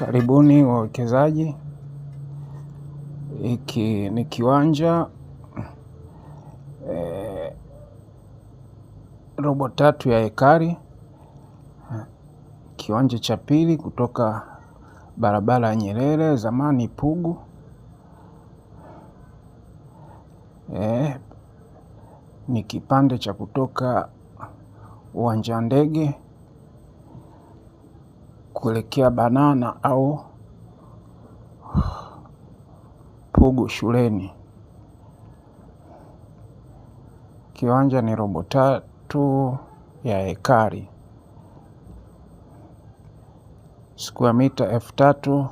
Karibuni wawekezaji, hiki ni kiwanja e, robo tatu ya ekari, kiwanja cha pili kutoka barabara ya Nyerere zamani Pugu e, ni kipande cha kutoka uwanja wa ndege kuelekea Banana au Pugu shuleni. Kiwanja ni robo tatu ya ekari, square mita elfu tatu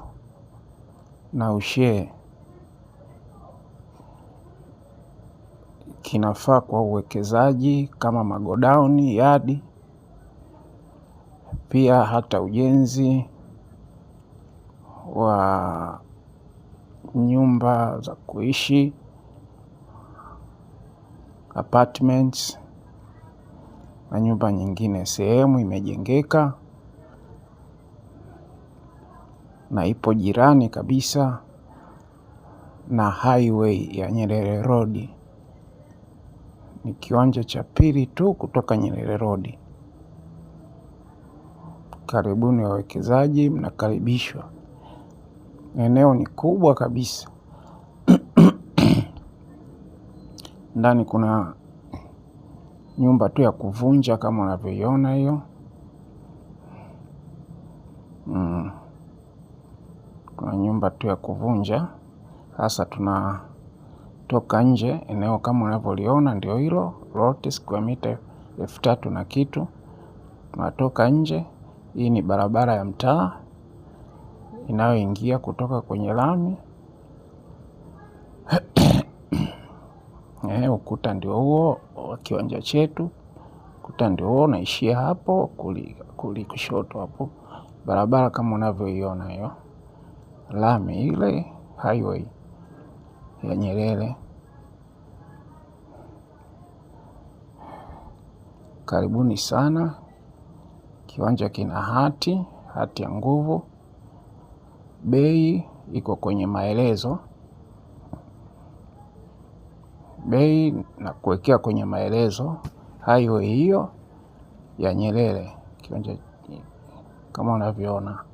na ushee. Kinafaa kwa uwekezaji kama magodauni, yadi pia hata ujenzi wa nyumba za kuishi apartments na nyumba nyingine. Sehemu imejengeka na ipo jirani kabisa na highway ya Nyerere Road, ni kiwanja cha pili tu kutoka Nyerere Road. Karibuni wawekezaji, mnakaribishwa. Eneo ni kubwa kabisa ndani kuna nyumba tu ya kuvunja kama unavyoiona hiyo. Mm. Kuna nyumba tu ya kuvunja. Sasa tunatoka nje, eneo kama unavyoliona ndio hilo lote, square mita elfu tatu na kitu. Tunatoka nje. Hii ni barabara ya mtaa inayoingia kutoka kwenye lami. Eh, ukuta ndio huo wa kiwanja chetu, ukuta ndio huo unaishia hapo kuli, kuli kushoto hapo. Barabara kama unavyoiona hiyo, lami ile, highway ya Nyerere. Karibuni sana. Kiwanja kina hati, hati ya nguvu, bei iko kwenye maelezo, bei na kuwekea kwenye maelezo highway hiyo ya Nyerere kiwanja kama unavyoona.